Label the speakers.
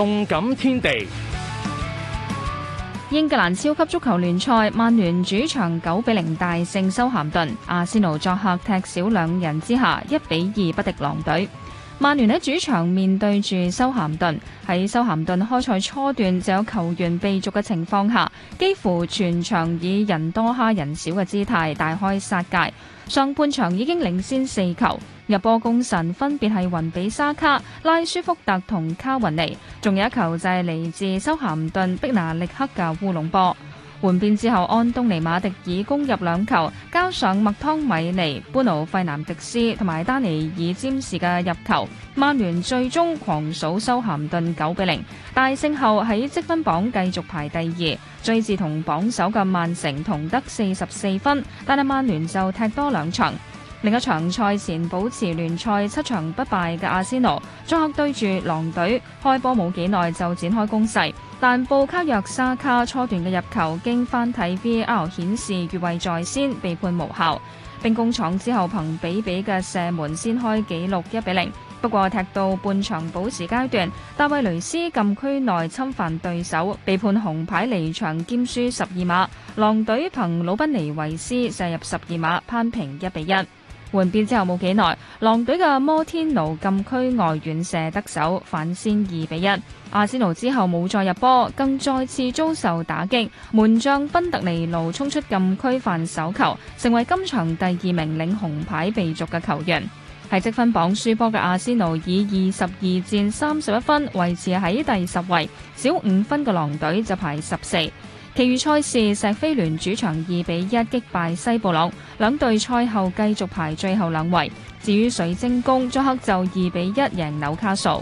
Speaker 1: 動感天地，英格蘭超級足球聯賽，曼聯主場九比零大勝修咸頓，阿仙奴作客踢少兩人之下，一比二不敵狼隊。曼聯喺主場面對住修咸頓，喺修咸頓開賽初段就有球員被逐嘅情況下，幾乎全場以人多蝦人少嘅姿態大開殺戒，上半場已經領先四球。入波功臣分別係雲比沙卡、拉舒福特同卡雲尼，仲有一球就係嚟自修咸頓、碧拿力克嘅烏龍波。換邊之後，安東尼馬迪爾攻入兩球，加上麥湯米尼、布魯費南迪斯同埋丹尼爾占士嘅入球，曼聯最終狂數修咸頓九比零，0，大勝後喺積分榜繼續排第二，追至同榜首嘅曼城同得四十四分，但係曼聯就踢多兩場。另一場賽前保持聯賽七場不敗嘅阿仙奴，作客對住狼隊開波，冇幾耐就展開攻勢。但布卡約沙卡初段嘅入球，經翻睇 VAR 顯示越位在先，被判無效。兵工廠之後憑比比嘅射門先開紀錄一比零。不過踢到半場保持階段，戴維雷斯禁區內侵犯對手，被判紅牌離場兼輸十二碼。狼隊憑魯賓尼維斯射入十二碼，攀平一比一。換邊之後冇幾耐，狼隊嘅摩天奴禁區外遠射得手，反先二比一。阿仙奴之後冇再入波，更再次遭受打擊，門將賓特尼路衝出禁區犯手球，成為今場第二名領紅牌被逐嘅球員。喺積分榜輸波嘅阿仙奴以二十二戰三十一分維持喺第十位，少五分嘅狼隊就排十四。其餘賽事，錫菲聯主場二比一擊敗西布朗，兩隊賽後繼續排最後兩位。至於水晶宮，作客就二比一贏紐卡素。